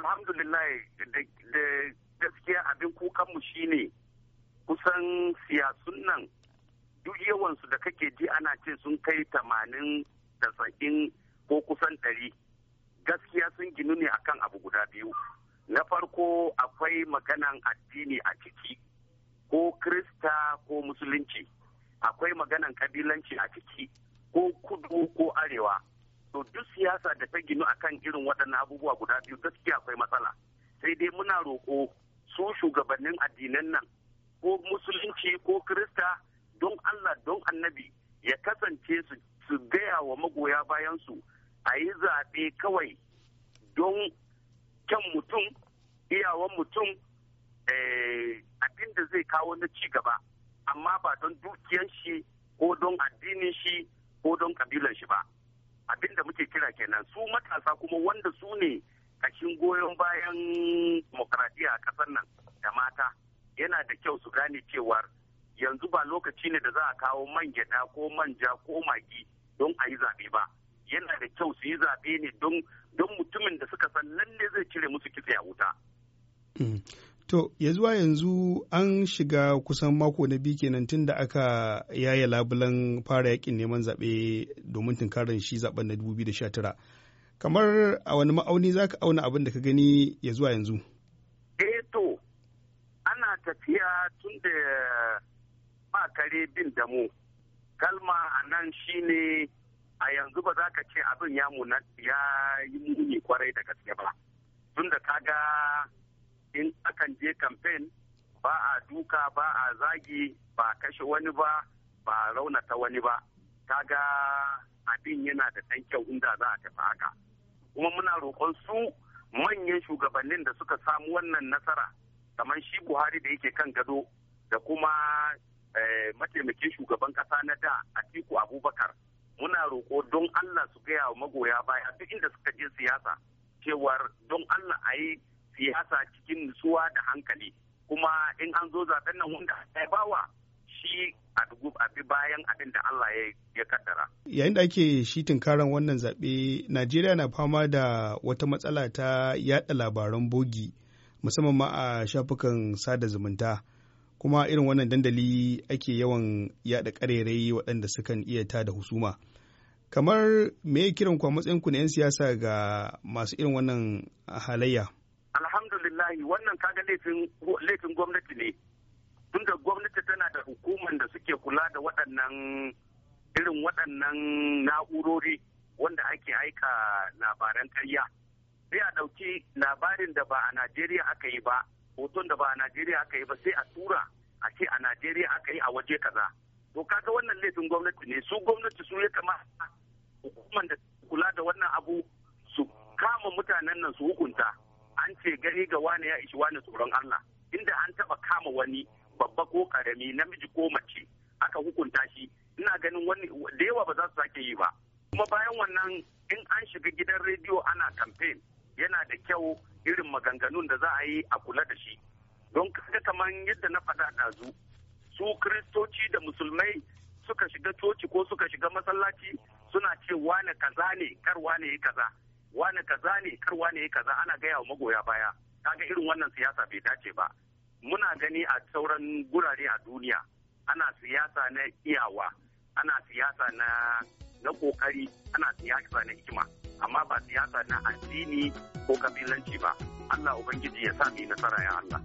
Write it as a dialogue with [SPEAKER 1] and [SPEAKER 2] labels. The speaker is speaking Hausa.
[SPEAKER 1] alhamdulillah da gaskiya abin kukanmu shine kusan siyasun nan duk yawansu da kake ji ana ce sun kai tamanin da tasa'in ko kusan ɗari gaskiya sun ginu ne akan abu guda biyu na farko akwai maganan addini a ciki ko krista ko musulunci akwai maganan kabilanci a ciki ko kudu ko arewa to duk siyasa da ta ginu kan irin waɗannan abubuwa guda biyu gaskiya akwai matsala sai dai muna roƙo su shugabannin addinan nan ko musulunci ko kirista don allah don annabi ya kasance su gaya wa magoya bayansu a yi zaɓe kawai don kyan mutum iyawan mutum eh, abin da zai kawo na ci gaba amma ba don dukiyar shi ko don addinin shi ko don kabilan shi ba. abin da muke kira kenan su matasa kuma wanda su ne kashin goyon bayan demokradiyya a ƙasar nan da mata yana da kyau su gane cewa yanzu ba lokaci ne da za a kawo man gyada ko manja ko magi don a yi zaɓe ba yana da kyau su yi zaɓe ne don mutumin da suka san nan ne zai cire musu kitse a wuta.
[SPEAKER 2] Mm. To, ya zuwa yanzu an shiga kusan mako na biyu kenan tun da aka yaya labulan fara yakin neman zaɓe domin tunkarar shi zaɓen na 2019. Kamar a wani ma'auni za ka auna abin da ka gani ya zuwa yanzu?
[SPEAKER 1] Eh to, ana tafiya tun da ba kare bin damu. Kalma a nan shi ne a yanzu ba za ka ce abin ya yi muni kwarai da gaske ba. Tun da ka kaga in akan je kamfen ba a duka ba a zagi ba a kashe wani ba ba a raunata wani ba ta ga abin yana da ɗan kyau inda za a tafi haka kuma muna roƙon su manyan shugabannin da suka samu wannan nasara kamar shi buhari da yake kan gado da kuma eh, mataimakin shugaban ƙasa na da a atiku abubakar muna roƙo don allah su gaya wa magoya baya duk inda suka je siyasa cewar don allah a yi siyasa cikin nutsuwa da hankali kuma in an zo zaben nan wanda ya bawa shi a dugu a bi bayan abin da Allah ya kaddara.
[SPEAKER 2] Yayin da ake shi tunkaran wannan zaɓe, Najeriya na fama da wata matsala ta yaɗa labaran bogi musamman ma a shafukan sada zumunta. Kuma irin wannan dandali ake yawan yaɗa ƙarerai waɗanda sukan iya ta da husuma. Kamar me kiran kwa ku na 'yan siyasa ga masu irin wannan halayya?
[SPEAKER 1] alhamdulillahi wannan kaga laifin gwamnati ne tunda gwamnati tana da hukumar da suke kula da waɗannan irin waɗannan na'urori wanda ake aika labaran karya sai a ɗauki labarin da ba a najeriya aka yi ba hoton da ba a najeriya aka yi ba sai a tura a ce a najeriya aka yi a waje kaza to kaga wannan laifin gwamnati ne su gwamnati su ya kamata hukumar da kula da wannan abu su kama mutanen nan su hukunta ce gani ga wani ya ishi wani tsoron Allah inda an taba kama wani babba ko karami namiji ko mace aka hukunta shi ina ganin wani da yawa ba za su sake yi ba kuma bayan wannan in an shiga gidan rediyo ana kamfen yana da kyau irin maganganun da za a yi a kula da shi don kaga kamar yadda na faɗa ɗazu su kiristoci da musulmai suka shiga coci ko suka shiga masallaci suna ce wane kaza ne kar wane kaza wane kaza ne kar wani kaza ana gaya wa magoya baya kaga irin wannan siyasa bai dace ba muna gani a sauran gurare a duniya ana siyasa na iyawa ana siyasa na na kokari ana siyasa na hikima amma ba siyasa na addini ko kabilanci ba Allah ubangiji ya sa mu nasara ya Allah